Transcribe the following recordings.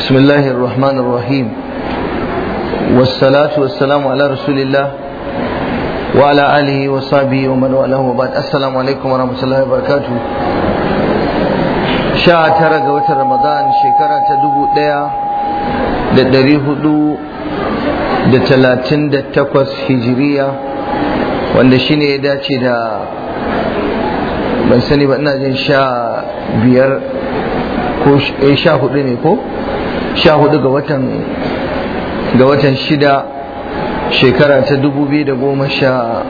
بسم الله الرحمن الرحيم والصلاة والسلام على رسول الله وعلى آله وصحبه ومن والاه وبعد السلام عليكم ورحمة الله وبركاته sha tara ga watan ramadan shekara ta dubu ɗaya da ɗari hudu da talatin da takwas hijiriya wanda shine ya dace da ban sani ba ina jin sha biyar ko eh, sha hudu ne ko sha hudu ga watan ga watan shida shekara ta dubu biyu da goma sha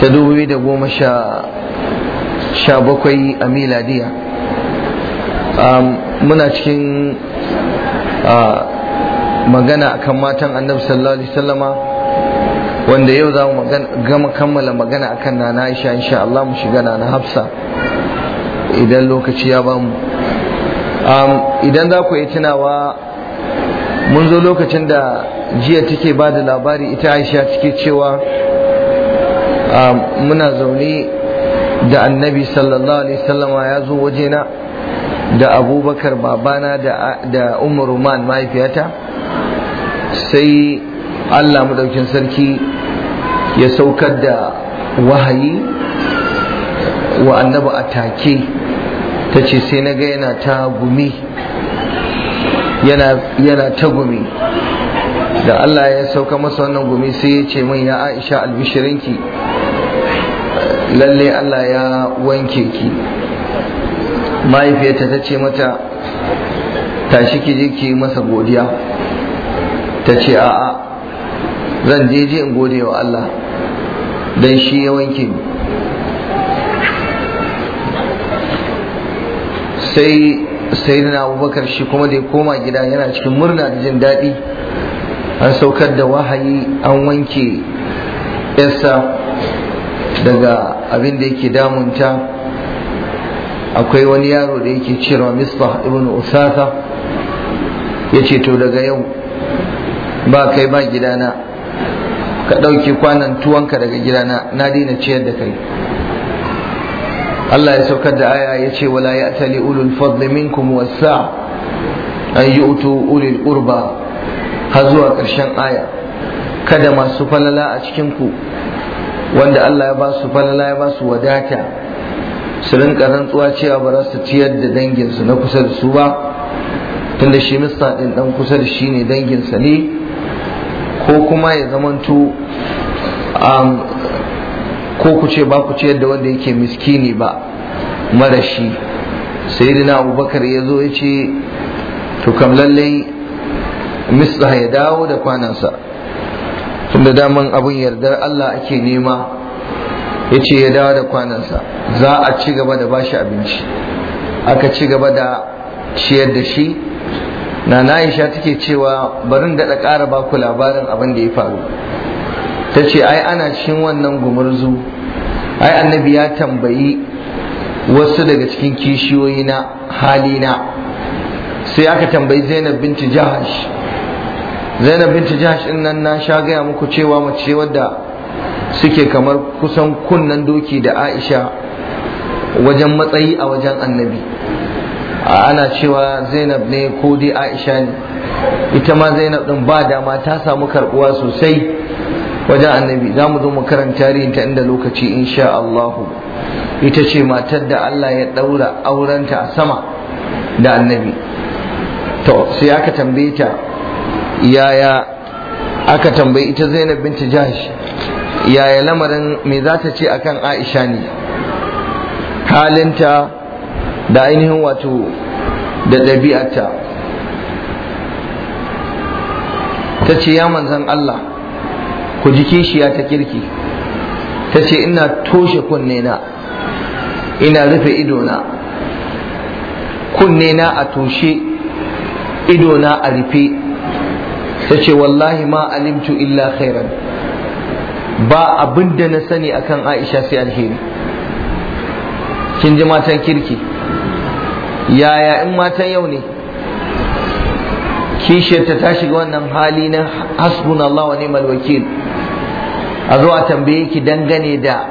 ta dubu biyu da goma sha sha bakwai a miladiya um, muna cikin uh, magana akan matan annabi sallallahu alaihi sallama wanda yau za mu gama kammala magana akan nana isha insha Allah mu shiga nana Hafsa idan lokaci ya bamu Um, idan za ku yi tunawa mun zo lokacin da jiya take ba da labari ita aisha take cewa um, muna zaune da annabi sallallahu alaihi sallama ya zo wajena da abubakar babana da umar roman mahaifiyata sai allah madaukin sarki ya saukar da wahayi wa annabi a take ta ce sai na ga yana ta gumi yana ta gumi da Allah ya sauka masa wannan gumi sai ya ce min ya Aisha albishirinki lalle Allah ya wanke ki mahaifiyarta ta ce mata tashi ki je ki masa godiya ta ce a'a zan je je in gode wa Allah don shi ya wanke ni sai na abubakar shi kuma da ya koma gida yana cikin murna da jin daɗi an saukar da wahayi an wanke yasa daga abin da yake damunta akwai wani yaro da yake cewa misba ibn usasa ya ce to daga yau ba kai ba gidana ka ɗauki kwanan tuwanka daga gidana na daina ciyar da kai Allah ya saukar da aya ya ce wala ya tali ulul fadli minkum wasa an yi utu ulil urba har zuwa ƙarshen aya kada masu falala a cikinku wanda Allah ya ba su falala ya ba su wadata su rinka rantsuwa cewa ba za su ciyar da danginsu na kusa da su ba tunda shi mista ɗin ɗan kusa da shi ne danginsa ne ko kuma ya zamanto um, ko ku ce ba ku ciyar da wanda yake miskini ba marashi sayyidina abubakar ya zo ya ce to kam lallai misla ya dawo da kwanansa tunda daman abin yardar Allah ake nema ya ce ya dawo da kwanansa za a ci gaba da bashi abinci aka ci gaba da ciyar da shi na na'isha take cewa barin daɗa ƙara baku labarin abin da ya faru ta ce ai ana cin wannan gumurzu ai annabi ya tambayi wasu daga cikin kishiyoyi na halina sai aka tambayi zainab binti jahash zainab binti jahash din nan na sha gaya muku cewa mace wadda suke kamar kusan kunnen doki da aisha wajen matsayi a wajen annabi ana cewa zainab ne ko dai aisha ne ita ma zainab din ba dama ta samu karbuwa sosai wajen annabi za mu zo mu karanta tarihinta inda lokaci insha Allah ita ce matar da Allah ya daura aurenta a sama da annabi to sai aka tambaye ta yaya aka tambayi ita Zainab binta Jahash yaya lamarin me za ta ce akan Aisha ne halinta da ainihin wato da ɗabi'arta ta ce ya manzan Allah ku ji kishiya ta kirki ta ce ina toshe kunne ina rufe idona kunne a toshe idona a rufe ta ce wallahi ma alimtu illa khairan ba abin da na sani akan aisha sai alheri kin ji matan kirki yaya in matan yau ne kishiyarta ta shiga wannan hali na hasbunallah wa ni'mal wakil a zuwa a tambaye ki dangane da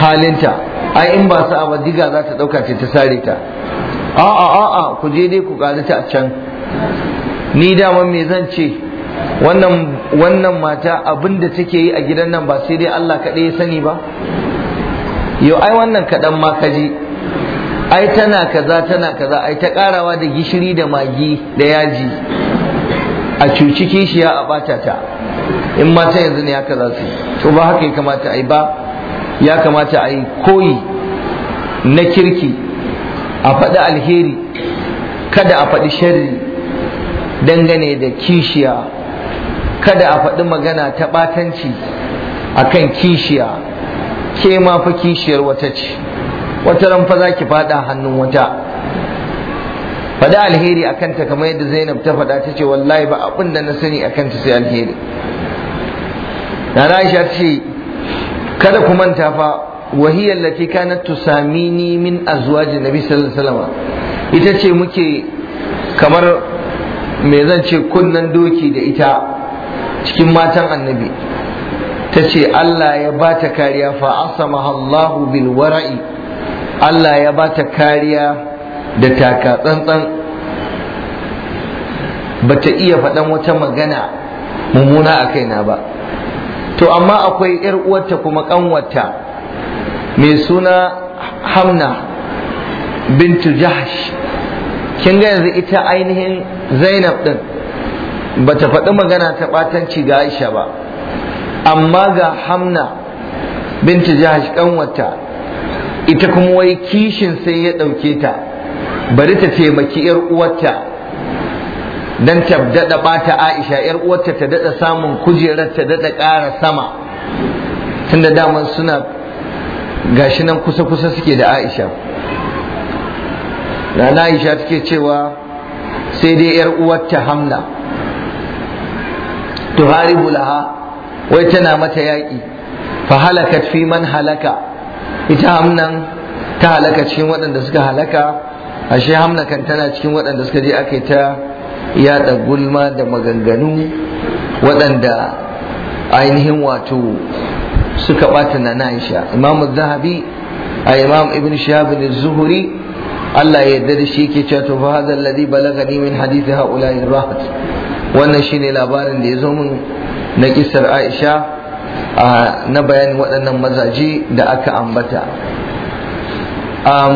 halinta ai in ba su ba diga za ta dauka ce ta sare ta a'a a'a ku je dai ku kare ta a can ni daman me zan ce wannan wannan mata abin da take yi a gidan nan ba sai dai Allah kaɗai ya sani ba yau ai wannan kaɗan ma ka ji. ai tana kaza tana kaza ai ta ƙarawa da gishiri da magi da yaji a cuci kishiya a ɓata ta in mata yanzu ne haka za su to ba haka ya kamata a yi ba ya kamata a yi koyi na kirki a faɗi alheri kada a faɗi sharri dangane da kishiya kada a faɗi magana ta ɓatanci a kan kishiya ke ma fa kishiyar wata ce wata ran za ki faɗa hannun wata faɗi alheri a kanta kamar yadda zainab ta faɗa ta ce wallahi ba abin da na sani a kanta sai alheri Na aisha ce kada ku manta fa wahiyar lati tusami tusamini min azuwaji nabi sallallahu alaihi ita ce muke kamar me zan ce kunnan doki da ita cikin matan annabi ta ce Allah ya ba ta kariya fa asamaha Allahu bil wara'i Allah ya ba ta kariya da taka tsantsan ba ta iya faɗan wata magana mummuna a kaina ba to amma akwai yar uwarta kuma kanwarta mai suna hamna bintu jahash kin ga yanzu ita ainihin zainab din Ba ta faɗi magana ta ɓatanci ga aisha ba amma ga hamna bintu jahash kanwarta ita kuma wai kishin sai ya ɗauke ta bari ta taimaki yar uwarta dan ta dada bata Aisha yar uwarta ta dada samun kujerar ta dada ƙara sama tunda daman suna gashi nan kusa kusa suke da Aisha Rana Aisha take cewa sai dai yar uwarta Hamna hari laha wai tana mata yaki? fa halakat fi man halaka ita hamnan ta halaka cikin waɗanda suka halaka ashe hamna kan tana cikin waɗanda suka je aka ta yada gulma da maganganu waɗanda ainihin wato suka ɓata na na'isha imamu zahabi a imam ibn shahabin zuhuri Allah ya yarda da shi yake cewa to fa hadha alladhi balagani min hadithi haula'i rahat wannan shine labarin da ya zo min na kisar Aisha na bayanin waɗannan mazaje da aka ambata um,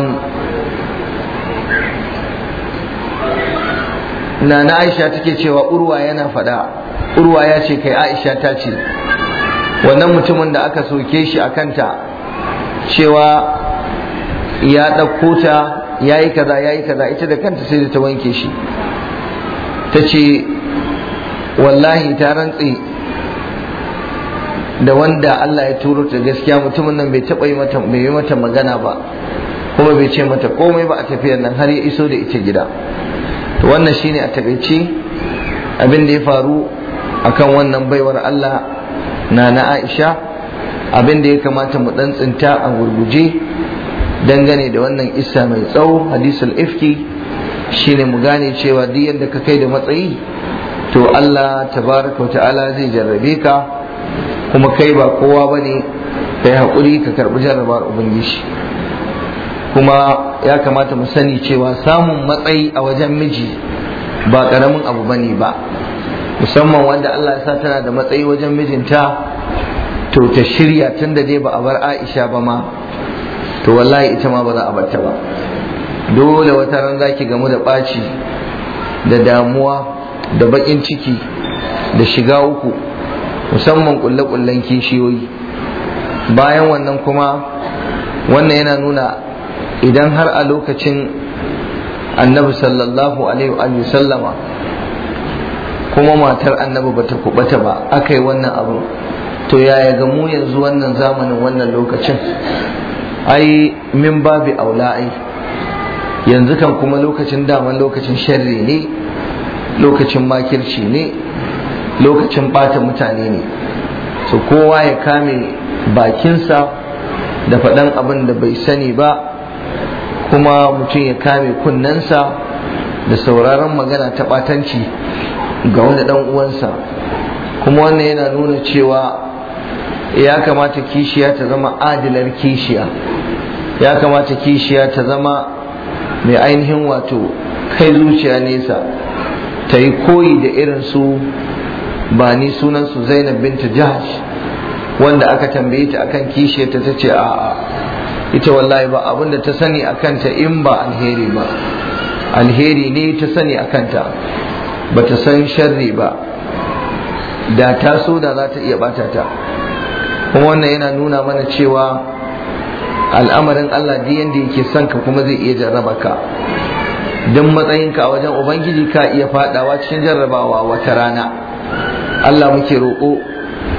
na aisha take cewa urwa yana faɗa urwa ya ce kai aisha ta ce wannan mutumin da aka soke shi a kanta cewa ya ɗauko ta ya yi kaza ya yi kaza ita da kanta sai da ta wanke shi ta ce wallahi ta rantse da wanda Allah ya turo ta gaskiya mutumin nan bai taɓa yi mata bai yi mata magana ba kuma bai ce mata komai ba a tafiyar nan har ya iso da ita gida to wannan shine a takaice abin da ya faru akan wannan baiwar Allah na na Aisha abin da ya kamata mu dan tsinta a gurguje dangane da wannan isa mai tsawo hadisul ifki shine mu gane cewa duk yadda ka kai da matsayi to Allah tabaraka wa ta'ala zai jarrabe ka kuma kai ba kowa bane kai hakuri ka karbi jarrabar ubangiji kuma ya kamata mu sani cewa samun matsayi a wajen miji ba karamin abu bane ba musamman wanda Allah ya sa tana da matsayi wajen mijinta to ta shirya tun da dai ba a bar Aisha ba ma to wallahi ita ma ba za a bar ba dole wata ran zaki gamu da ɓaci da damuwa da baƙin ciki da shiga uku musamman ƙulle-ƙullen kishiyoyi bayan wannan kuma wannan yana nuna idan har a lokacin annabi sallallahu alaihi sallama kuma matar annabi bata kubata ba aka yi wannan abu to yaya ga mu yanzu wannan zamanin wannan lokacin ai min babi aula ai yanzu kan kuma lokacin daman lokacin sharri ne lokacin makirci ne lokacin bata mutane ne To kowa ya kame bakinsa da faɗan abin da bai sani ba kuma mutum ya kame kunnensa da sauraron magana ta batanci ga wani dan uwansa kuma wannan yana nuna cewa ya kamata kishiya ta zama adilar kishiya ya kamata kishiya ta zama mai ainihin wato kai zuciya nesa ta yi koyi da irin su ba ni sunansu zainab binta jihar wanda aka tambaye ta akan kishiyarta ta ce a'a ita wallahi ba abinda ta sani a kanta in ba alheri ba alheri ne ta sani a kanta ba ta san sharri ba da ta so da za ta iya bata ta kuma wannan yana nuna mana cewa al'amarin Allah duk yanda yake son ka kuma zai iya jarraba ka don matsayinka a wajen ubangiji ka iya fadawa cikin jarrabawa wata rana Allah muke roƙo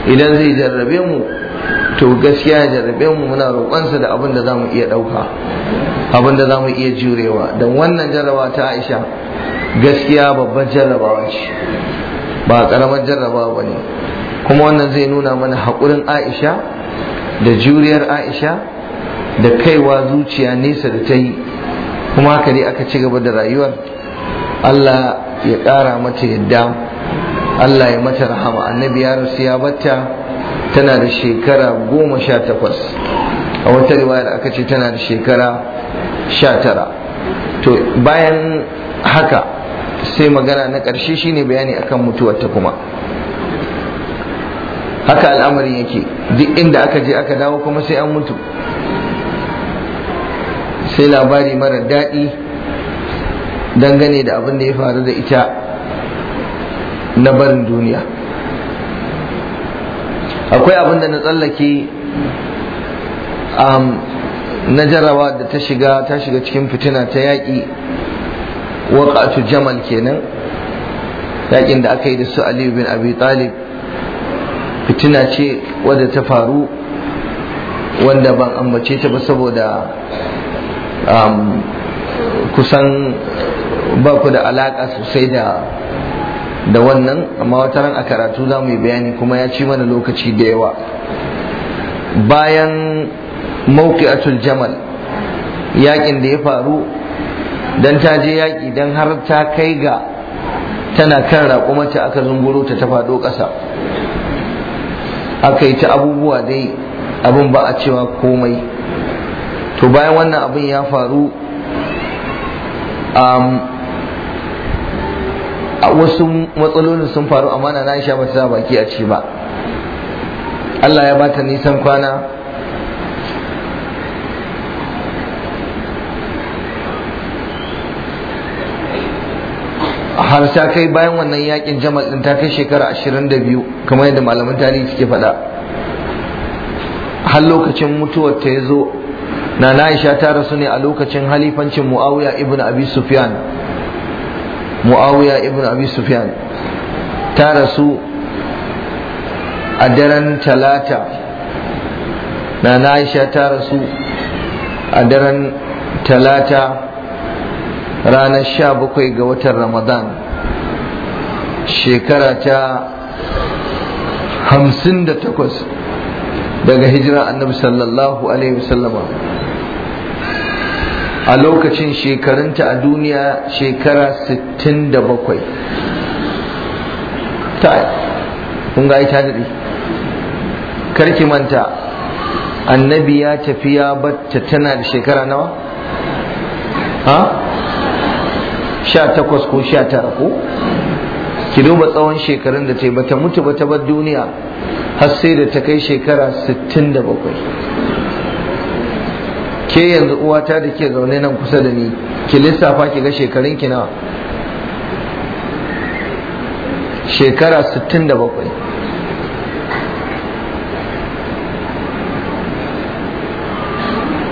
idan zai jarrabe mu to gaskiya ya jarrabe mu muna roƙonsa da abin da za mu iya ɗauka abin da za mu iya jurewa don wannan jarraba ta aisha gaskiya babban jarrabawa ce ba ƙaramar jarrabawa ba ne kuma wannan zai nuna mana haƙurin aisha da juriyar aisha da kaiwa zuciya nesa da ta yi kuma haka dai aka ci gaba da rayuwar allah ya ƙara mata yadda allah ya mata rahama annabi ya rasu ya batta tana da shekara goma sha takwas a wata da aka ce tana da shekara sha tara to bayan haka sai magana na ƙarshe shine bayani akan mutuwar ta kuma haka al'amarin yake duk inda aka je aka dawo kuma sai an mutu sai labari mara daɗi dangane da abin da ya faru da ita na barin duniya akwai abin da na tsallake um, na jarawa da ta shiga ta shiga cikin fitina ta yaƙi waƙatu jamal kenan yaƙin da aka yi da su aliyu bin abi talib fitina ce wadda ta faru wanda ban ambace ta ba saboda um, kusan ba ku da alaƙa sosai da da wannan amma wata ran a karatu za mu yi bayani kuma ya ci mana lokaci da yawa bayan mawqi'atul jamal yakin da ya faru dan ta je yaƙi dan har ta kai ga tana kan raƙumarta aka zunguro ta ta faɗo ƙasa aka yi ta abubuwa dai abin ba a cewa komai to bayan wannan abin ya faru um, a wasu matsalolin sun faru amana na Aisha ba ta baki a ciki ba Allah ya ba ta nisan kwana har ta kai bayan wannan yakin jamal din ta kai shekara 22 kamar yadda malaman tarihi suke faɗa har lokacin mutuwar ta ya zo na Aisha ta rasu ne a lokacin halifancin Muawiya ibn Abi Sufyan muawiya ibn abi sufyan ta rasu a daren talata na na'isha ta rasu a daren talata ranar sha bakwai ga watan ramadan shekara ta hamsin da takwas daga hijirar annabi sallallahu alaihi wasallama a lokacin shekarunta a duniya shekara 67 ta kun ga ita daɗi karki manta annabi ya tafi ya batta tana da shekara nawa ha sha takwas ko sha tara ko ki duba tsawon shekarun da ta yi bata mutu bata bar duniya har sai da ta kai shekara 67 ke yanzu uwata da ke zaune nan kusa da ni ki lissafa ki ga shekarun ki nawa shekara 67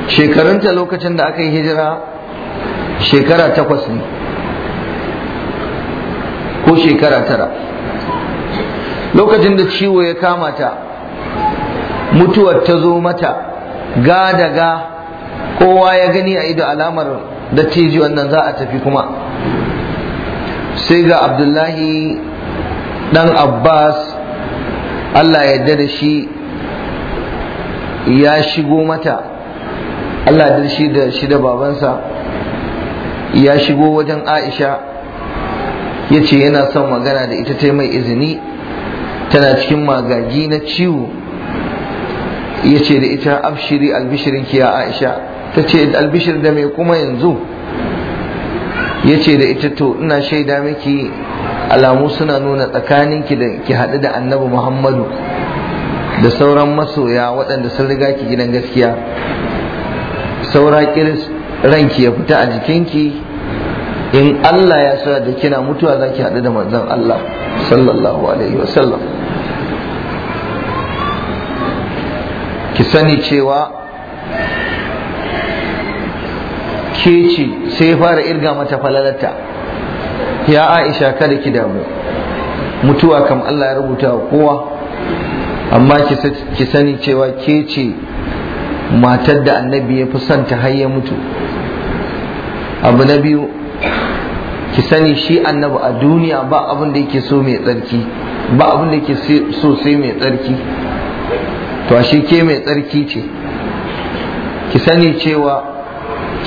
shekarunta lokacin da aka yi hijira shekara takwas ne ko shekara tara lokacin da ciwo ya kama ta mutuwar ta zo mata ga daga kowa ya gani a ido alamar da teji wannan za a tafi kuma sai ga abdullahi dan abbas allah ya da shi ya shigo mata allah da shi da shi da babansa ya shigo wajen aisha ya ce yana son magana da ita ta mai izini tana cikin magagi na ciwo ya ce da ita abshiri albishirinki ya aisha ta ce albishir da mai kuma yanzu ya ce da ita to ina shaida miki alamu suna nuna tsakaninki da ki haɗu da annabi muhammadu da sauran masoya waɗanda sun riga ki gidan gaskiya saura kiris ranki ya fita a jikinki in Allah ya sa da kina mutuwa za ki haɗu da manzon Allah sallallahu alaihi wasallam ki sani cewa ke ce sai fara irga mata falalarta ya aisha kada ki damu mutuwa kam Allah ya rubuta wa kowa amma ki sani cewa ke ce matar da annabi ya fi son ta har ya mutu abu na biyu ki sani shi annabi a duniya ba abin da yake so mai tsarki ba abin da yake so sai mai tsarki to ashe ke mai tsarki ce ki sani cewa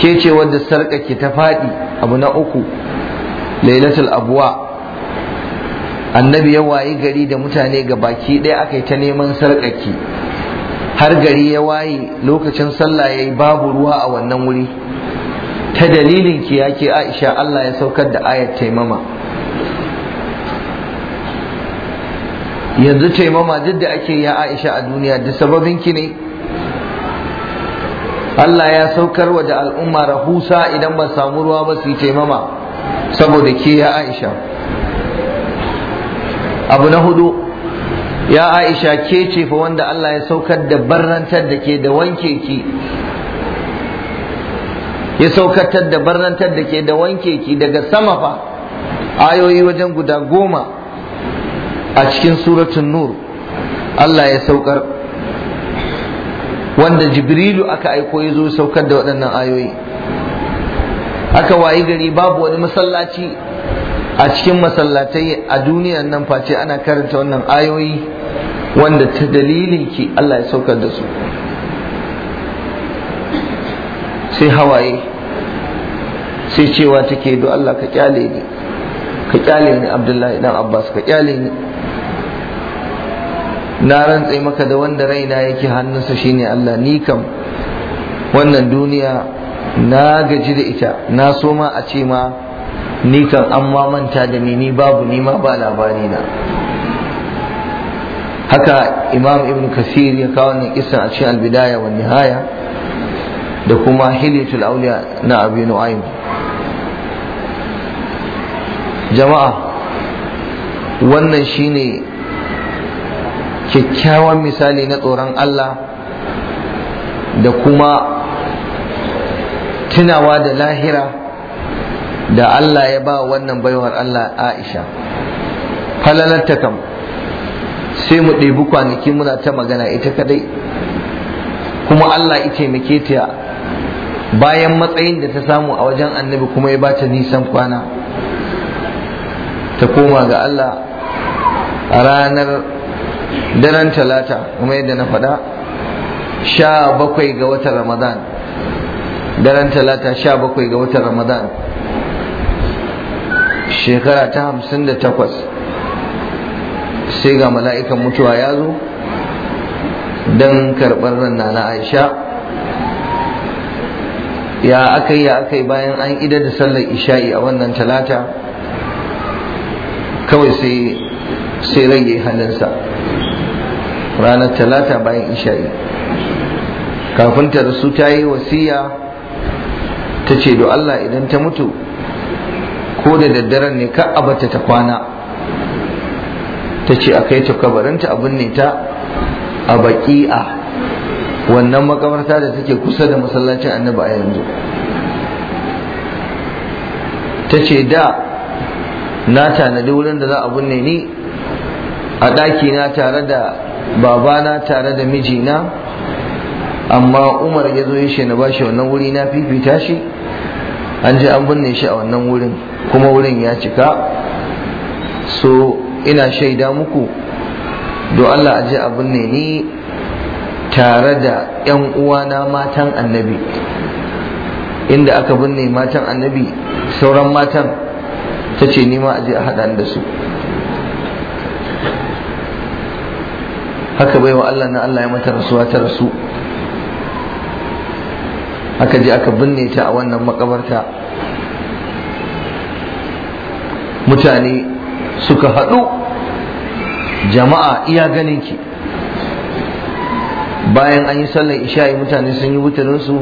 ke ce wanda sarƙa ta faɗi abu na uku lailatul abuwa annabi ya wayi gari da mutane ga baki ɗaya aka yi ta neman sarƙaki har gari ya waye lokacin sallah ya yi babu ruwa a wannan wuri ta dalilin ki ya ke aisha allah ya saukar da ayat taimama yanzu taimama duk da ake ya aisha a duniya duk sababin ki ne Allah ya saukar wa da al'umma rahusa idan ba samu ruwa ba su yi taimama saboda ke ya Aisha abu na hudu ya Aisha ke ce fa wanda Allah ya saukar da barrantar da ke da wanke ki ya saukatar da barrantar da ke da wanke ki daga sama fa ayoyi wajen guda goma a cikin suratun nur Allah ya saukar wanda jibrilu aka aiko ya zo saukar da waɗannan ayoyi aka wayi gari babu wani masallaci a cikin masallatai a duniyar nan face ana karanta wannan ayoyi wanda ta dalilin ki Allah ya saukar da su sai hawaye sai cewa take do Allah ka kyale ni ka kyale ni Abdullahi dan Abbas ka kyale ni na rantse maka da wanda raina yake hannunsa shine Allah ni kam wannan duniya na gaji da ita na so ma a ce ma ni kan an manta da ni ni babu ni ma ba labari na haka imam ibn kasir ya kawo wannan kisan a cikin albidaya wa nihaya da kuma hilyatul auliya na abi nu'aym jama'a wannan shine kyakkyawan misali na tsoron Allah da kuma tunawa da lahira da Allah ya ba wannan baiwar Allah Aisha falalarta kam sai mu ɗebi kwanaki muna ta magana ita kadai kuma Allah ya muke ta bayan matsayin da ta samu a wajen annabi kuma ya bata nisan kwana ta koma ga Allah a ranar daren talata kuma yadda na faɗa sha bakwai ga watan ramadan daren talata sha bakwai ga watan ramadan shekara ta hamsin da takwas sai ga mala'ikan mutuwa ya zo don karɓar ranar na aisha ya aka yi ya aka yi bayan an idar da sallar isha'i a wannan talata kawai sai sai ya yi ranar talata bayan isha'i kafin ta rasu ta yi wasiya ta ce do Allah idan ta mutu ko da daddaren ne ka abata ta kwana ta ce a kai ta kabarinta abin ne ta a baki'a wannan makamarta da take kusa da masallacin annabi a yanzu ta ce da na tanadi wurin da za a binne ni a ɗakina tare da babana tare da mijina amma umar ya zo ya na ba shi wannan wuri na fifita shi an ji an binne shi a wannan wurin kuma wurin ya cika so ina shaida muku do Allah a ji a binne ni tare da 'yan uwana matan annabi inda aka binne matan annabi sauran matan ta ce nima a ji a haɗa da su haka baiwa Allah na Allah ya mata rasuwa ta rasu aka je aka binne ta a wannan makabarta mutane suka haɗu jama'a iya ganin ki bayan an yi sallar isha'i mutane sun yi wutarinsu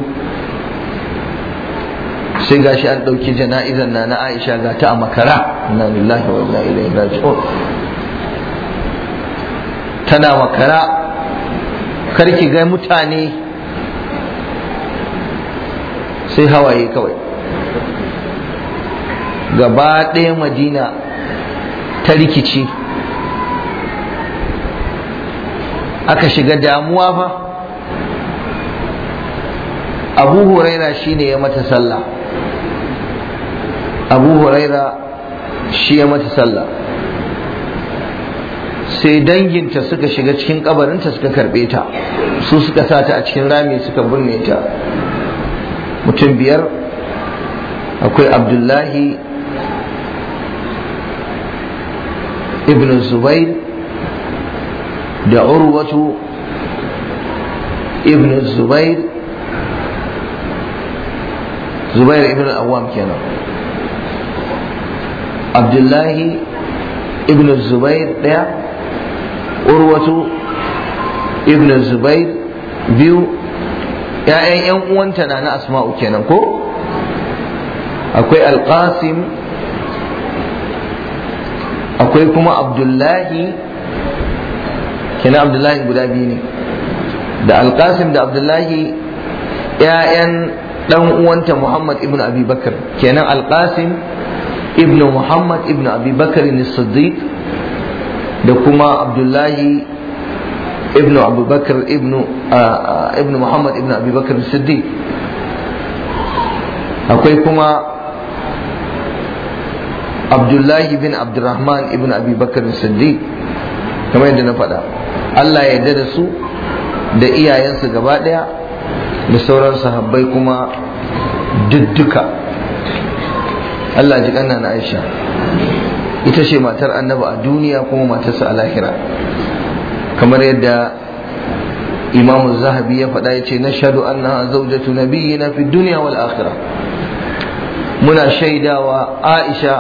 sai gashi an ɗauki jana'izar na na aisha ga ta a makara na lillahi wa inna ilaihi raji'un tana makara karki ga mutane sai hawaye kawai gaba ɗaya madina ta rikici aka shiga damuwa fa abu huraira shi ne ya mata sallah abu huraira shi ya mata sallah sai danginta suka shiga cikin kabarinta suka karbe ta su suka sa ta a cikin rami suka binne ta mutum biyar akwai abdullahi ibn zubair da urwatu ibn zubair zubair ibn awam kenan abdullahi ibn zubair daya urwatu ibn zubair biyu ‘ya'yan ‘yan uwanta na na asma'u kenan ko akwai alƙasim akwai kuma abdullahi kenan abdullahi guda biyu ne da alƙasim da abdullahi ‘ya'yan ɗan uwanta muhammad ibn abubakar kenan alƙasim ibn muhammad ibn abubakar ne siddiq da kuma abdullahi ibnu abubakar ibnu muhammad ibnu abubakar siddiq akwai kuma abdullahi bin abdurrahman ibn abubakar siddiq kamar yadda na faɗa allah ya yarda da su da iyayensu gaba ɗaya da sauran sahabbai kuma dudduka allah ji na aisha ita ce matar annabi a duniya kuma matarsa a lahira kamar yadda imamu zahabi ya faɗa ya ce na shaɗu annaha zaujatu na fi duniya wal akhira muna shaidawa aisha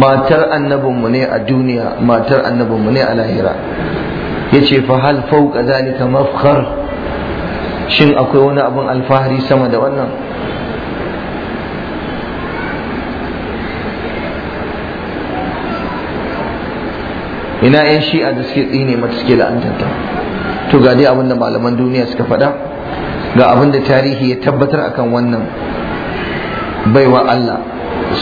matar annabinmu ne a duniya matar annabinmu ne a lahira ya ce fa hal fauka zalika mafkhar shin akwai wani abin alfahari sama da wannan ina yan shi'a da suke tsine mata suke la'antarta to ga dai abinda malaman duniya suka faɗa ga abinda tarihi ya tabbatar akan wannan baiwa Allah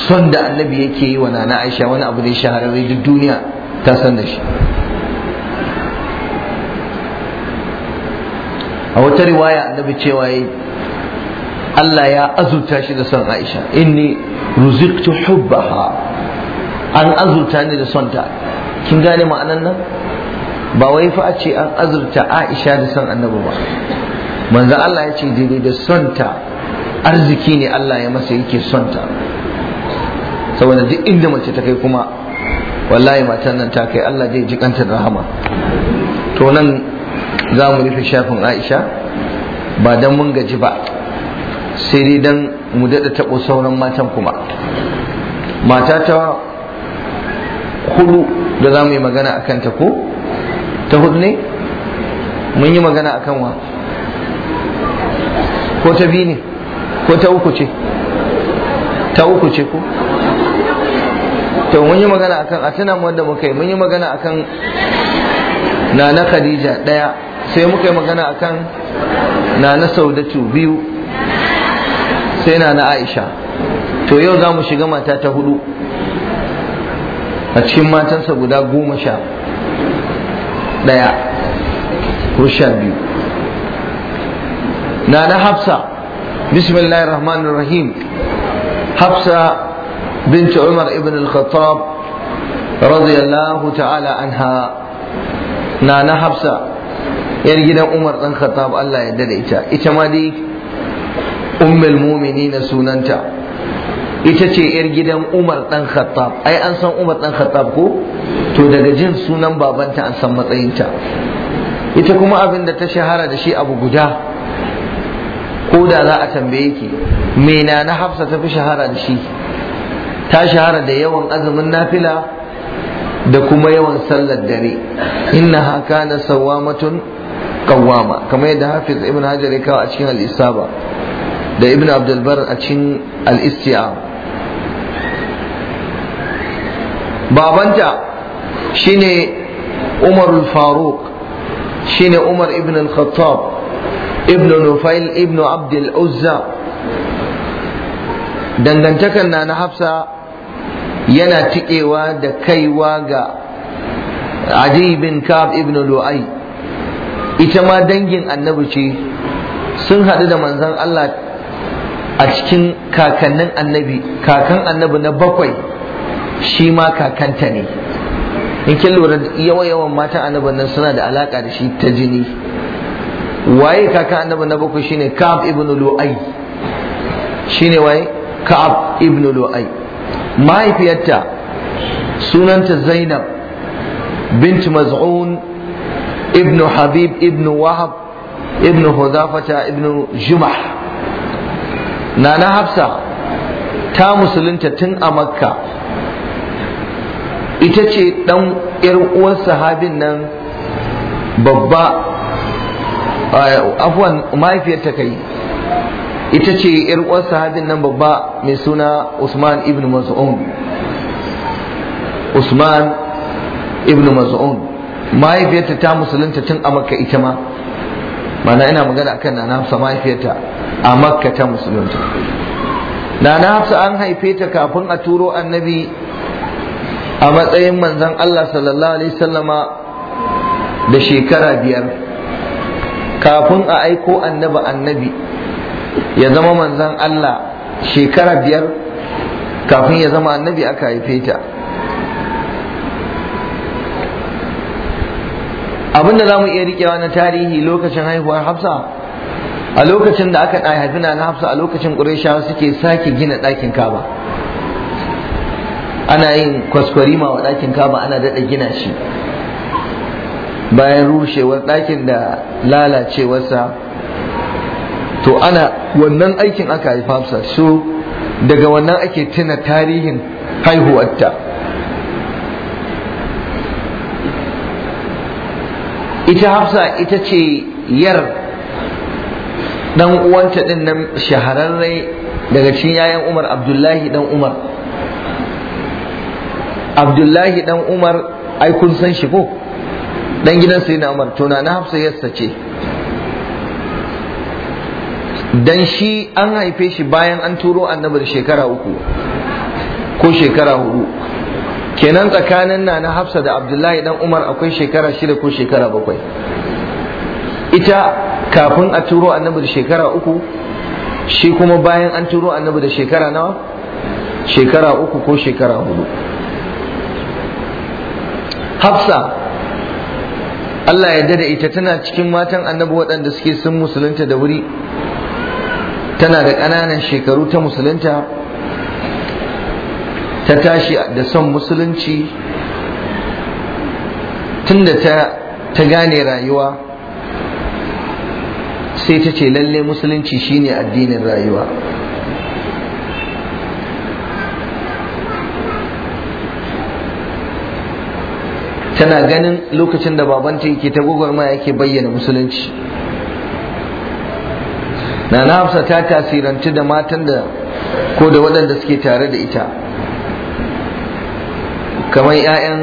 son da annabi yake yi wa nana Aisha wani abu ne shahararri duk duniya ta san da shi a wata riwaya annabi cewa yi Allah ya azurta shi da son Aisha inni ruziqtu hubbaha an azurta ni da son ta kin gane ma'anan nan ba wai fa a ce an azurta Aisha da son annabi ba manzo Allah ya ce daidai da sonta arziki ne Allah ya masa yake sonta saboda duk inda mace ta kai kuma wallahi matan nan ta kai Allah zai ji kanta rahama to nan za mu rufe shafin Aisha ba dan mun gaji ba sai dai dan mu daɗa taɓo sauran matan kuma mata ta hudu da za mu yi magana a kanta ko ta hudu ne mun yi magana a kan wa ko ta biyu ne ko ta uku ce ta uku ce ko to mun yi magana a kan a tana wanda muka yi mun yi magana a kan na na khadija daya sai muka yi magana a akan na saudatu biyu sai na aisha to yau za mu shiga mata ta hudu a cikin matansa guda goma sha ɗaya ko sha biyu na na hafsa bismillahir rahmanir rahim hafsa binci umar ibn al-khattab radiyallahu ta'ala anha na na hafsa yar gidan umar dan khattab Allah ya da ita ita ma dai ummul mu'minina sunanta ita ce yar gidan Umar dan Khattab ai an san Umar dan Khattab ko to daga jin sunan babanta an san matsayinta ita kuma abin da ta shahara da shi abu guda ko da za a tambaye ki me na na Hafsa ta fi shahara da shi ta shahara da yawan azumin nafila da kuma yawan sallar dare inna haka na sawamatun qawwama kamar yadda Hafiz Ibn Hajar ya kawo a cikin al-Isaba da Ibn Abdul a cikin al babanta shine umar al shine umar ibn al-khattab ibn nufail ibn abd uzza dangantakan na na hafsa yana tikewa da kaiwa ga adi bin kab ibn lu'ai ita ma dangin annabi ce sun haɗu da manzon allah a cikin kakannin annabi kakan annabi na bakwai shi ma kakanta ne in kin lura yawan yawan mata annaban nan suna da alaka da shi ta jini waye kakan annaban na bakwai shine Ka'ab ibn Lu'ay shine waye Ka'ab ibn mahaifiyarta sunanta Zainab bint Maz'un ibn Habib ibn Wahab ibn Hudhafata ibn Jumah nana Hafsa ta musulunta tun a Makka ita ce dan yar uwar sahabin nan babba afwan mahaifiyar ta kai ita ce yar uwar sahabin nan babba mai suna Usman ibn Mas'un Usman ibn Mas'un mahaifiyarta ta musulunta tun a Makka ita ma mana ina magana akan Nana Hafsa mahaifiyarta a Makka ta musulunta Nana Hafsa an haife ta kafin a turo annabi a matsayin manzan Allah sallallahu alaihi sallama da shekara biyar kafin a aiko annabi annabi ya zama manzan Allah shekara biyar kafin ya zama annabi aka haife ta abinda za mu iya rikewa na tarihi lokacin haihuwar hafsa a lokacin da aka haifina na hafsa a lokacin shawar suke sake gina ɗakin kaba ana yin kwaskwarima wa ɗakin kaba ana daɗa gina shi bayan rushewar ɗakin da lalacewarsa to ana wannan aikin aka haifa so daga wannan ake tuna tarihin haihuwarta ita hafsa ita ce yar dan uwanta din nan shahararre daga cikin yayan umar abdullahi dan umar abdullahi dan umar ai kun san shi ko dan gidan sai na umar to na hafsa yassa ce dan shi an haife shi bayan an turo annabi da shekara uku ko shekara hudu kenan tsakanin na na hafsa da abdullahi dan umar akwai shekara shida ko shekara bakwai ita kafin a turo annabi da shekara uku shi kuma bayan an turo annabi da shekara nawa shekara uku ko shekara hudu hafsa Allah ya da ita tana cikin matan annabi waɗanda suke sun musulunta da wuri tana da ƙananan shekaru ta musulunta ta tashi da son musulunci tunda ta ta gane rayuwa sai ta ce lalle musulunci shine addinin rayuwa tana ganin lokacin da babanta yake ta gwagwarmaya yake bayyana musulunci na hafsa ta tasiranci da matan da ko da waɗanda suke tare da ita kamar 'ya'yan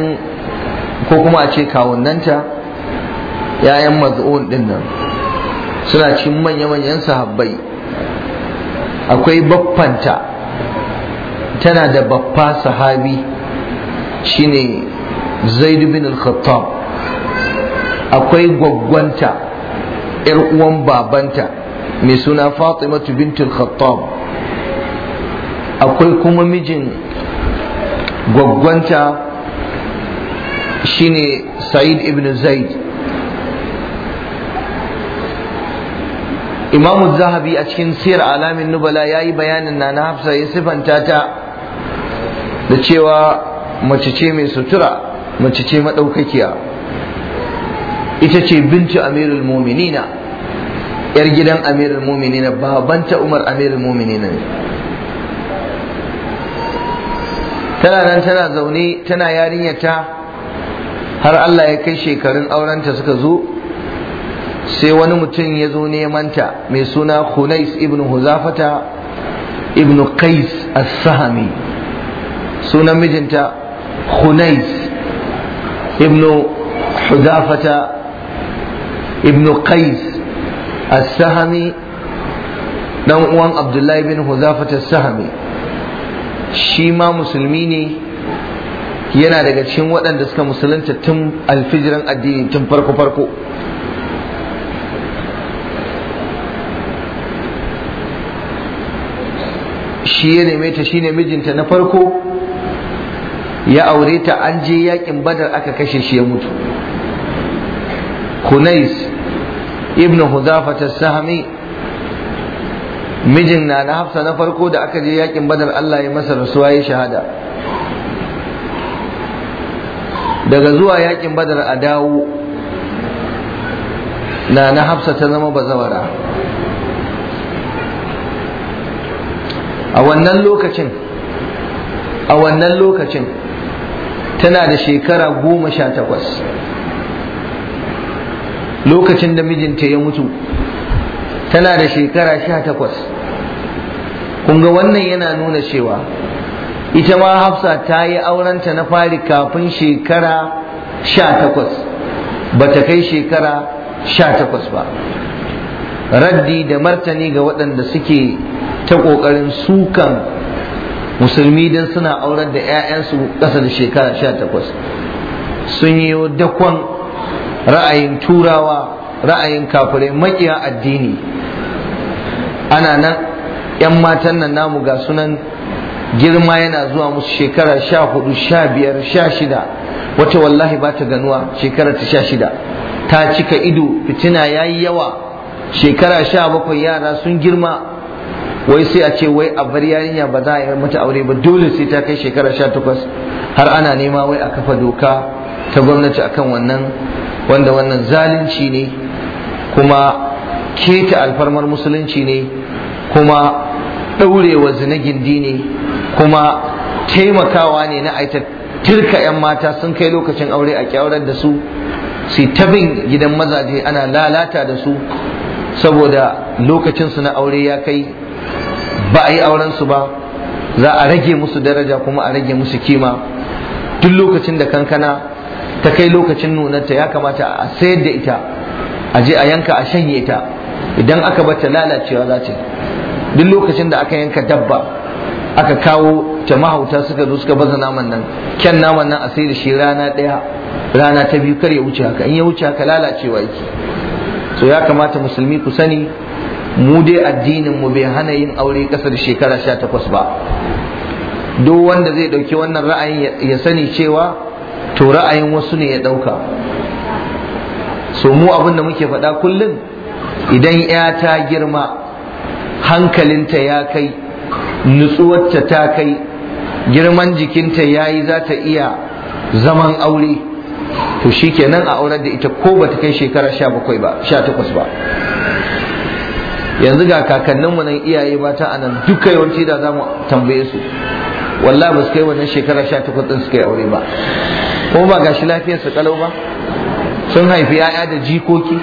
ko kuma a ce kawunanta 'ya'yan maz'un ɗin nan suna cikin manya-manyan sahabbai akwai baffanta tana da baffa sahabi shine zaid bin al-khattab akwai gwaggwanta yar uwan babanta mai suna fatimatu bint al-khattab akwai kuma mijin gwaggwanta shine sa'id ibn zaid imamu zahabi a cikin siyar alamin nubala ya yi bayanin na na hafsa ya siffanta ta da cewa mace ce mai sutura mace ce madaukakiya ita ce bintu amirul muminina yar gidan amirul muminina babanta umar amirul muminina tana nan tana zaune tana ta har Allah ya kai shekarun aurenta suka zo sai wani mutum ya zo nemanta mai suna Hunais ibn Huzafata ibn Qais as-Sahami sunan mijinta Hunais ابن حذافة ابن قيس السهمي dan uwan abdullahi bin huzafata sahami shi ma musulmi ne yana daga cikin waɗanda suka musulunta tun alfijiran addini tun farko farko shi ya neme ta shi ne mijinta na farko ya aure ta an je yakin badar aka kashe shi ya mutu kunais ibn huzafa ta sahami. mijin na na hafsa na farko da aka je yakin badar Allah ya masa rasuwa ya shahada daga zuwa yakin badar a dawo na na hafsa ta zama bazawara a wannan lokacin a wannan lokacin tana da shekara goma sha takwas lokacin da mijinta ya mutu tana da shekara sha takwas kunga wannan yana nuna cewa ita ma hafsa ta yi aurenta na fari kafin shekara sha takwas ba ta kai shekara sha takwas ba raddi da martani ga waɗanda suke ta ƙoƙarin sukan musulmi dan suna aurar da 'ya'yansu ƙasa da shekara sha sun yi dakon ra'ayin turawa ra'ayin kafirai makiya addini ana nan 'yan matan nan namu ga sunan girma yana zuwa musu shekara sha hudu sha biyar sha shida wata wallahi ba ta ganuwa shekara ta sha shida ta cika ido fitina ya yi yawa shekara sha bakwai yara sun girma wai sai a ce wai a bar yarinya ba za a yi mata aure ba dole sai ta kai shekara sha takwas har ana nema wai a kafa doka ta gwamnati akan wannan wanda wannan zalunci ne kuma keta alfarmar musulunci ne kuma ɗaurewa gindi ne kuma taimakawa ne na aita tirka 'yan mata sun kai lokacin aure a kyaurar da su ta tabin gidan mazaje ana lalata da su saboda lokacinsu na aure ya kai ba a yi auren su ba za a rage musu daraja kuma a rage musu kima duk lokacin da kankana ta kai lokacin nunanta ya kamata a sayar da ita a je a yanka a shanye ta idan aka bata lalacewa za ce duk lokacin da aka yanka dabba aka kawo ta mahauta suka zo suka baza naman nan kyan naman nan a sai da shi rana ɗaya rana ta biyu kar ya wuce haka in ya wuce haka lalacewa yake so ya kamata musulmi ku sani mu dai addinin mu bai hana yin aure ƙasar shekara shekara 18 ba duk wanda zai ɗauki wannan ra'ayin ya sani cewa to ra'ayin wasu ne ya ɗauka so mu abin da muke faɗa kullum idan ya ta girma hankalinta ya kai nutsuwarta ta kai girman jikinta ya yi za ta iya zaman aure to shi kenan a aurar da ita ko bata kai shekara 17 ba takwas ba yanzu ga kakanninmu nan iyaye mata a nan duka yawanci da za mu tambaye su wallahi ba su kai wannan shekara sha takwas ɗin suka aure ba kuma ba gashi lafiyar su kalau ba sun haifi 'ya'ya da jikoki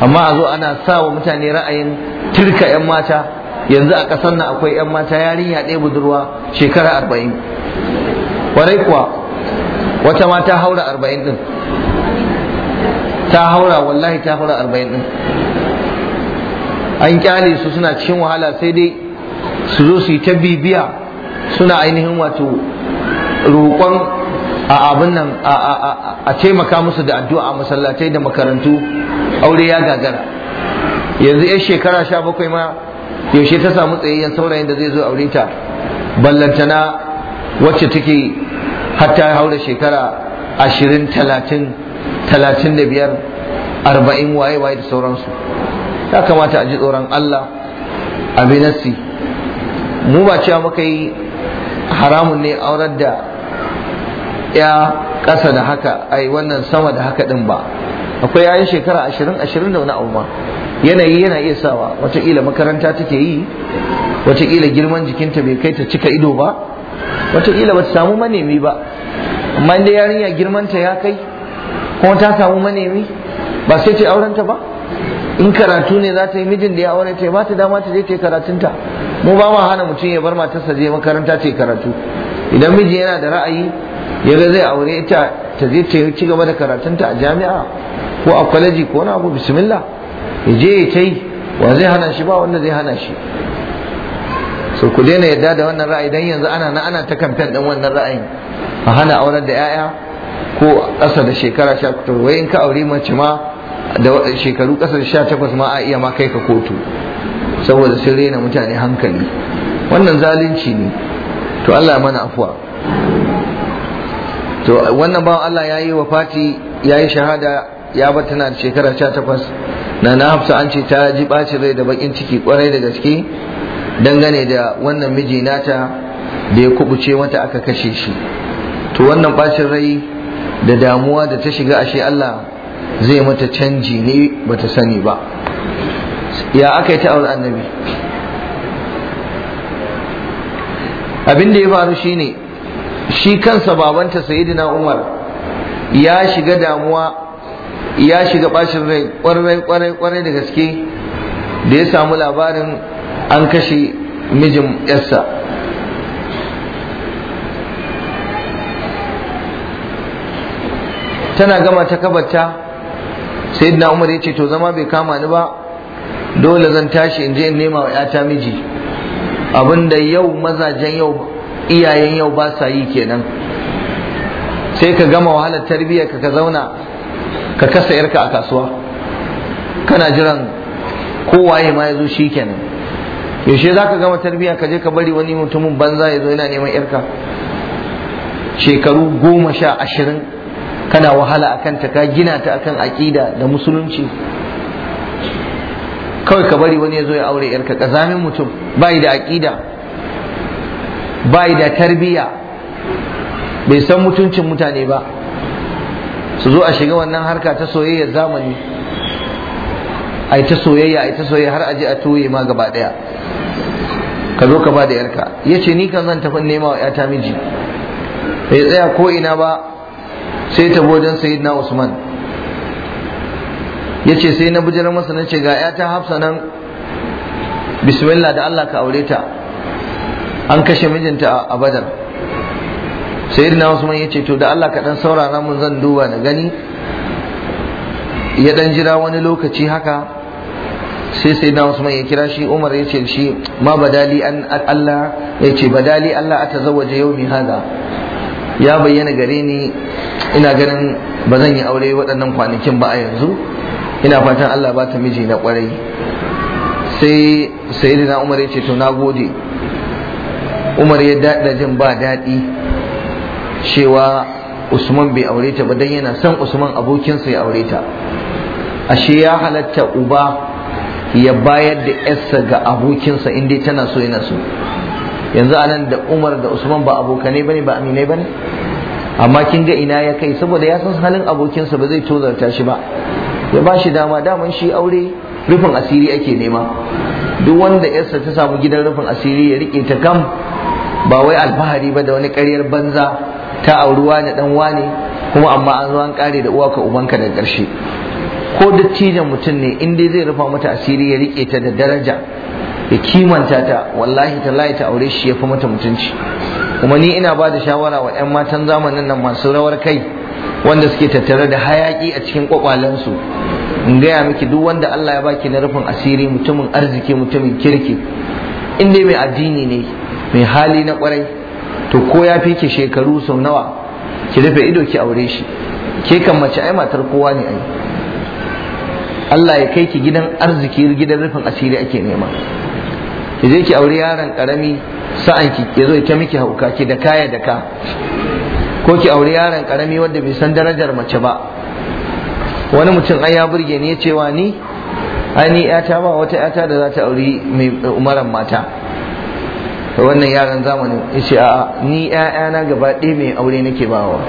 amma a zo ana sa mutane ra'ayin tirka 'yan mata yanzu a ƙasar nan akwai 'yan mata yarinya ɗaya budurwa shekara arba'in kwarai kuwa wata ma ta haura arba'in ɗin ta haura wallahi ta haura arba'in ɗin an kyale su suna cikin wahala sai dai su zo su yi ta bibiya suna ainihin wato roƙon a abin nan a taimaka musu da addu'a a masallatai da makarantu aure ya gagara yanzu yar shekara sha bakwai ma yaushe ta samu tsayayyen saurayin da zai zo aure ta ballantana wacce take hatta haura shekara ashirin talatin talatin da biyar arba'in waye waye da sauransu ya kamata a ji tsoron Allah a binassi mu ba cewa muka yi haramun ne aurar da ya ƙasa da haka ai wannan sama da haka din ba akwai yayin shekara ashirin ashirin da wani abu ma yanayi yana iya sawa wataƙila makaranta take yi wataƙila girman jikinta bai kai ta cika ido ba wataƙila ba ta samu manemi ba amma inda yarinya girmanta ya kai kuma ta samu manemi ba sai ce aurenta ba in karatu ne za ta yi mijin da ya aure ta ba ta dama ta je ta karatunta mu ba ma hana mutum ya bar matarsa je makaranta ta karatu idan miji yana da ra'ayi ya ga zai aure ta ta je ta ci gaba da karatunta a jami'a ko a kwaleji ko wani abu bismillah ya je ya ta yi wa zai hana shi ba wanda zai hana shi so ku daina yadda da wannan ra'ayi dan yanzu ana na ana ta kamfen din wannan ra'ayin a hana auren da 'ya'ya ko ƙasa da shekara sha wai in ka aure mace ma da shekaru kasar sha takwas ma a iya ma kai ka kotu saboda sun rena mutane hankali wannan zalunci ne to Allah mana afuwa to wannan ba Allah ya yi wa fati ya yi shahada ya bar tana da shekara sha takwas na na hafsa an ce ta ji bacin rai da bakin ciki kwarai da gaske dangane da wannan miji nata da ya kubuce mata aka kashe shi to wannan bacin rai da damuwa da ta shiga ashe Allah zai mata canji ne bata sani ba ya aka yi ta'awar annabi Abinda ya faru shine shi kansa babanta sayidina umar ya shiga damuwa ya shiga bashin rai kwarai kwarai kwarai da gaske da ya samu labarin an kashe mijin yarsa tana gama ta kabarta sai na umar ya ce to zama bai kama ni ba dole zan tashi in je in nema wa yata miji abinda yau mazajen yau iyayen yau ba sa yi kenan sai ka gama wahalar tarbiyyar ka ka zauna ka kasa yarka a kasuwa kana jiran ya ma ya zo shi kenan yaushe za ka gama tarbiyya ka je ka bari wani mutumin banza ya zo yana neman yarka shekaru goma sha ashirin kana wahala a kanta ka gina ta akan aƙida da musulunci kawai ka bari wani ya zo ya aure yarka kazamin mutum bai da aƙida bai da tarbiyya bai san mutuncin mutane ba su zo a shiga wannan harka ta soyayyar zamani ai ta soyayya ai ta soyayya har aje a toye ma gaba daya ka zo ka ba da yarka ya ce ni kan zan tafi nema wa 'ya ta miji bai tsaya ko ina ba sai ta wajen sayyidina usman ya ce sai na bujirar masa na ce ga ta hafsa nan bismillah da allah ka aure ta an kashe mijinta a badar sayyidina usman ya ce to da allah ka dan saurara mun zan duba na gani ya dan jira wani lokaci haka sai sai na Usman ya kira shi Umar ya ce shi ma badali an Allah ya ce badali Allah a zawaje yau mi hada ya bayyana gare ni ina ganin ba zan yi aure waɗannan kwanakin ba a yanzu ina fatan Allah ba ta miji na kwarai sai na Umar ya ce to na gode Umar ya daɗa jin ba daɗi cewa Usman bai aure ta ba don yana son Usman abokinsa ya aure ta ashe ya halatta uba ya bayar da yarsa ga abokinsa in dai tana so yana so yanzu anan da Umar da Usman ba abokane bane ba aminai bane amma kin ga ina ya kai saboda ya san halin abokinsa ba zai tozarta shi ba ya ba shi dama daman shi aure rufin asiri ake nema duk wanda yarsa ta samu gidan rufin asiri ya rike ta kam ba wai alfahari ba da wani karyar banza ta auruwa da dan wane kuma amma an zo an kare da uwa ka ubanka da ƙarshe ko dattijan mutum ne in dai zai rufa mata asiri ya rike ta da daraja ya kimanta ta wallahi ta, layi ta aure shi ya fi mata mutunci kuma ni ina ba da shawara wa 'yan matan zamanin nan masu rawar kai wanda suke tattare da hayaki a cikin kwakwalensu in gaya miki duk wanda Allah ya baki na rufin asiri mutumin arziki mutumin kirki in dai mai addini ne mai hali na kwarai to ko ya fi ki shekaru sau nawa ki rufe ido ki aure shi ke kan mace ai matar kowa ne ai Allah ya kai ki gidan arziki gidan rufin asiri ake nema ki je ki aure yaron karami sa'an ki zo ita miki hauka ki da kaya da ka ko ki aure yaron karami wanda bai san darajar mace ba wani mutum ai ya burge ni ya ce wa ni ai ni yata ba wata yata da za ta auri mai umaran mata wannan yaran zamanin ya ce a'a ni ƴaƴana gaba ɗaya mai aure nake bawa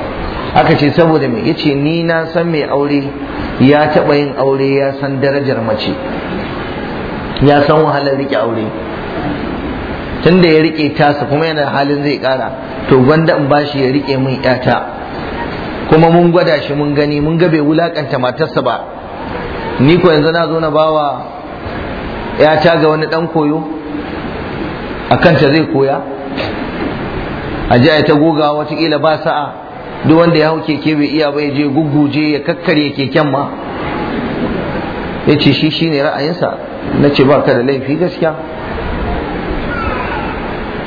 aka ce saboda me yace ni na san mai aure ya taɓa yin aure ya san darajar mace ya san wahalar rike aure tunda ya rike tasa kuma yana halin zai kara to gwanda in bashi ya rike min yata kuma mun gwada shi mun gani mun ga bai wulakanta matarsa ba ni ko yanzu na zo na bawa yata ga wani dan koyo akan ta zai koya a ji ta goga watakila ba sa'a duk wanda ya hau keke bai iya ba ya je gugguje ya kakkarye keken ma ya ce shi shine ra'ayinsa na ce ba ka da laifi gaskiya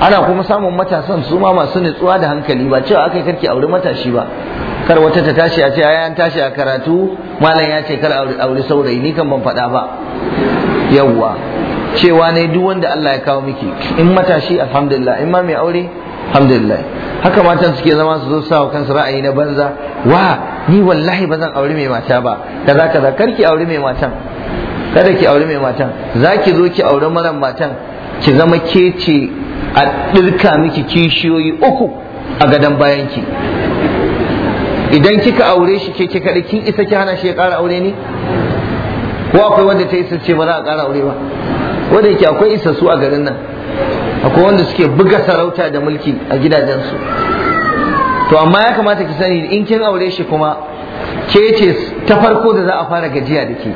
ana kuma samun matasan su ma masu nutsuwa da hankali ba cewa aka yi karki aure matashi ba kar wata ta tashi a ce an tashi a karatu malam ya ce kar aure saurayi ni kan ban faɗa ba yawwa cewa ne duk wanda Allah ya kawo miki in matashi alhamdulillah in ma mai aure alhamdulillah haka matan suke zama su zo sawa kansu ra'ayi na banza wa ni wallahi ba zan aure mai mata ba kaza kaza karki aure mai matan kada ki aure mai matan za ki zo ki aure mara matan ki zama ke ce a ɗirka miki kishiyoyi uku a gadon bayanki idan kika aure shi ke kika da kin isa ki hana shi ya ƙara aure ne ko akwai wanda ta isa ce ba za a ƙara aure ba wanda yake akwai isa su a garin nan akwai wanda suke buga sarauta da mulki a gidajensu to amma ya kamata ki sani in kin aure shi kuma ke ce ta farko da za a fara gajiya da ke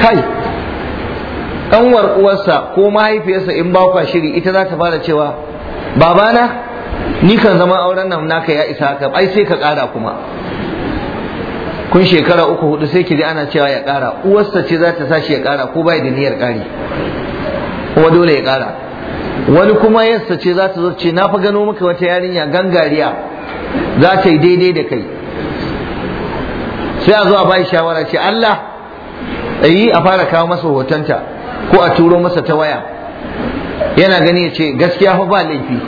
kai kanwar uwarsa ko mahaifiyarsa in ba kwa shiri ita za ta fara cewa babana ni kan zama auren nan naka ya isa ka ai sai ka kara kuma kun shekara uku hudu sai ki ana cewa ya kara uwarsa ce za ta sa shi ya kara ko bai da niyyar kari kuma dole ya kara wani kuma yarsa ce za ta zo ce na fa gano maka wata yarinya gangariya za ta yi daidai da kai sai a zo a bai shawara ce Allah yi a fara kawo masa hotonta ko a turo masa ta waya yana gani ya ce gaskiya fa ba laifi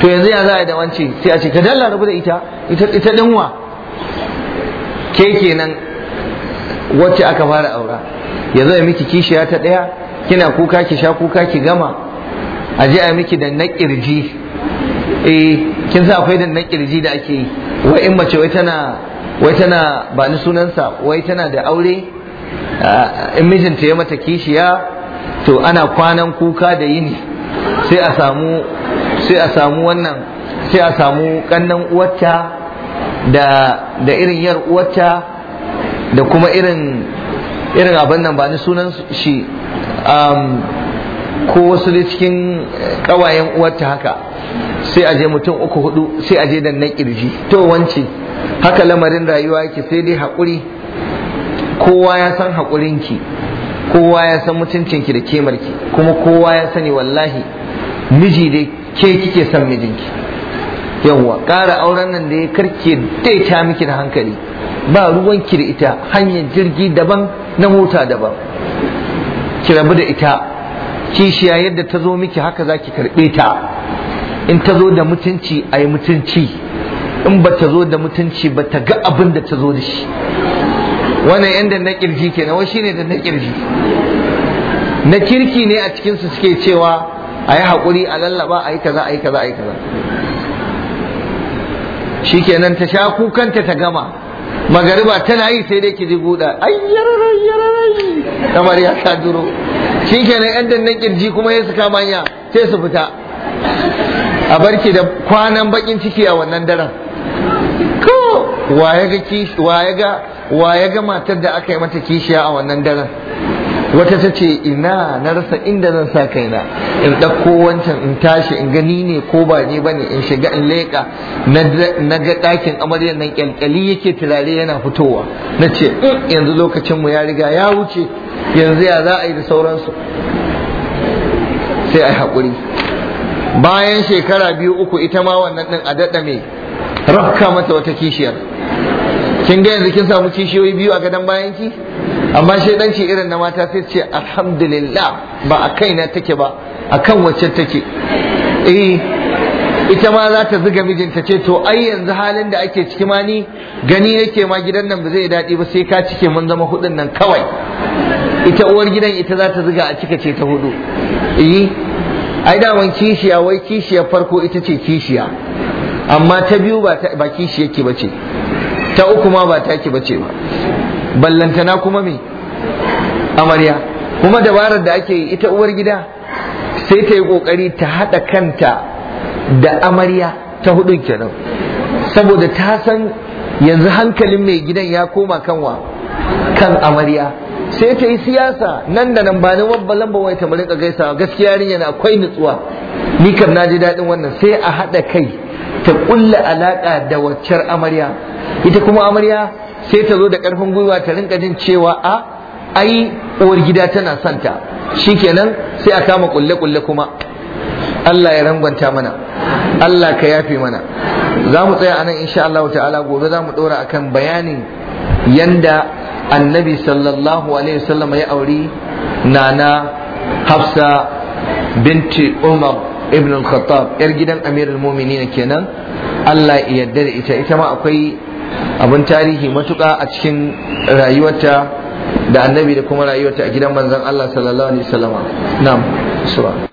to yanzu ya za a yi da wance sai a ce ka dalla rabu da ita ita ita dinwa ke kenan wacce aka fara aura yanzu ya miki kishiya ta daya kina kuka ki sha kuka ki gama a ji a miki da na kirji eh kin sa akwai da na kirji da ake yi wai in mace wai tana wai tana ba ni sunansa wai tana da aure in mijinta ya mata kishiya to ana kwanan kuka da yini sai a samu sai a samu wannan sai a samu kannan uwarta da da irin yar uwarta da kuma irin irin abin nan ba ni sunan shi um, ko wasu da cikin kawayen uwarta haka sai a je mutum uku hudu sai a je da na kirji to wance haka lamarin rayuwa yake sai dai haƙuri kowa ya san haƙurinki kowa ya san ki da kemarki kuma kowa ya sani wallahi miji dai ke kike son mijinki yawwa ƙara auren nan da ya karke daita miki da hankali ba ruwan da ita hanyar jirgi daban na mota daban ki rabu da ita kishiya yadda ta zo miki haka za ki karɓe ta in ta zo da mutunci a mutunci in ba ta zo da mutunci ba ta ga abin da ta zo da shi wannan yan da na kirji kenan shi shine da na kirji na kirki ne a cikin su suke cewa a yi haƙuri a lallaba a yi kaza a yi kaza a yi kaza shikenan ta sha kukanta ta gama magariba tana yi sai dai ki ji guda ayyararai yararai kamar ya ta duro shikenan yan da na kirji kuma ya suka manya sai su fita a barki da kwanan bakin ciki a wannan daren ko wa ya ga wa ya ga matar da aka yi mata kishiya a wannan daren wata ta ce ina na rasa inda zan sa kaina in ɗauko wancan in tashi in gani ne ko ba ni ba ne in shiga in leƙa na ga ɗakin amaryar nan ƙyalƙyali yake turare yana fitowa na ce mm, yanzu lokacinmu ya riga ya wuce yanzu ya za a yi da sauransu sai a yi haƙuri bayan shekara biyu uku ita ma wannan ɗin a daɗa mai rafka mata wata kishiyar kin ga yanzu kin samu kishiyoyi biyu a gadon bayan ki amma shaidanci irin na mata sai ce alhamdulillah ba a kaina take ba a kan wacce take eh ita ma za ta zuga mijinta ce to ai yanzu halin da ake ciki ma ni gani nake ma gidan nan ba zai daɗi ba sai ka cike mun zama hudun nan kawai ita uwar gidan ita za ta zuga a cika ce ta hudu eh ai wani kishiya wai kishiya farko ita ce kishiya amma ta biyu ba kishiya ke ba ce ta uku ma ba taki bace ba ballantana kuma me amarya kuma dabarar da ake yi ita uwar gida sai ta yi kokari ta haɗa kanta da amarya ta hudun kenan saboda ta san yanzu hankalin mai gidan ya koma kanwa kan amarya sai ta yi siyasa nan da nan ba ni wabba lamba wai ta rinka gaisawa gaskiya yarinya na akwai nutsuwa ni kan na ji daɗin wannan sai a haɗa kai ta kulla alaka da waccar amarya ita kuma amarya sai ta zo da karfin gwiwa ta rinka jin cewa a ai uwar gida tana santa shikenan sai a kama kulle kulle kuma Allah ya rangwanta mana Allah ka yafe mana za mu tsaya anan insha Allah ta'ala gobe za mu dora akan bayanin yanda annabi sallallahu alaihi wasallam ya auri nana hafsa binti umar ibn al-khattab yar gidan amirul mu'minin kenan Allah ya yarda da ita ita ma akwai abin tarihi matuƙa a cikin rayuwarta da annabi da kuma rayuwarta a gidan manzon Allah sallallahu alaihi wasallam na'am